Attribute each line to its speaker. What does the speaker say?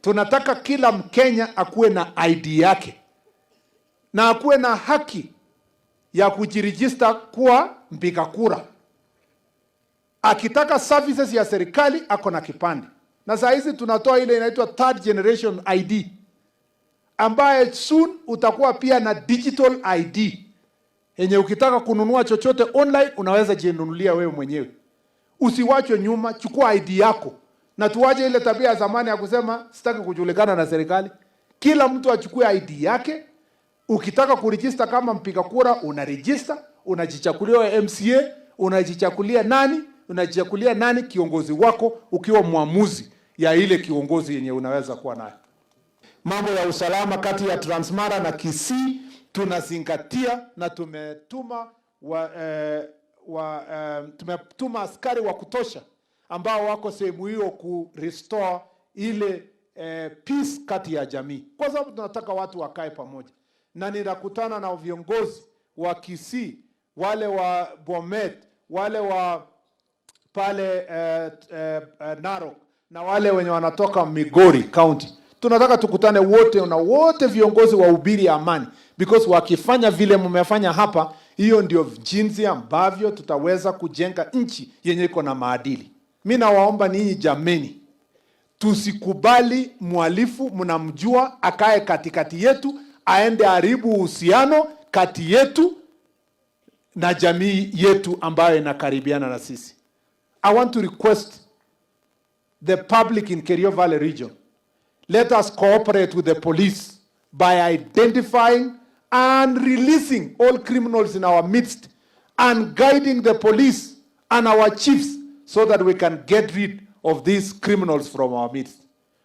Speaker 1: tunataka kila Mkenya akuwe na ID yake na akuwe na haki ya kujirejista kuwa mpiga kura. Akitaka services ya serikali ako na kipande, na saa hizi tunatoa ile inaitwa third generation ID ambaye soon utakuwa pia na digital ID yenye ukitaka kununua chochote online unaweza jinunulia wewe mwenyewe. Usiwachwe nyuma, chukua ID yako na tuache ile tabia ya zamani ya kusema sitaki kujulikana na serikali. Kila mtu achukue ID yake. Ukitaka kurejista kama mpiga kura, unarejista, unajichakulia MCA, unajichakulia nani, unajichakulia nani kiongozi wako, ukiwa mwamuzi ya ile kiongozi yenye unaweza kuwa nayo.
Speaker 2: Mambo ya usalama kati ya Transmara na Kisii tunazingatia na tumetuma wa, eh, wa, eh, tumetuma askari wa kutosha ambao wako sehemu hiyo ku restore ile eh, peace kati ya jamii, kwa sababu tunataka watu wakae pamoja, na ninakutana na viongozi wa Kisii wale wa Bomet wale wa pale eh, eh, eh Narok na wale wenye wanatoka Migori County tunataka tukutane wote na wote viongozi wa ubiri amani, because wakifanya vile mmefanya hapa, hiyo ndio jinsi ambavyo tutaweza kujenga nchi yenye iko na maadili mi nawaomba ninyi jameni, tusikubali mwalifu mnamjua akae katikati yetu, aende haribu uhusiano kati yetu na jamii yetu ambayo inakaribiana na sisi. I want to request the public in Kerio Valley region, let us cooperate with the police by identifying and releasing all criminals in our midst and guiding the police and our chiefs so that we can get rid of these criminals from our midst.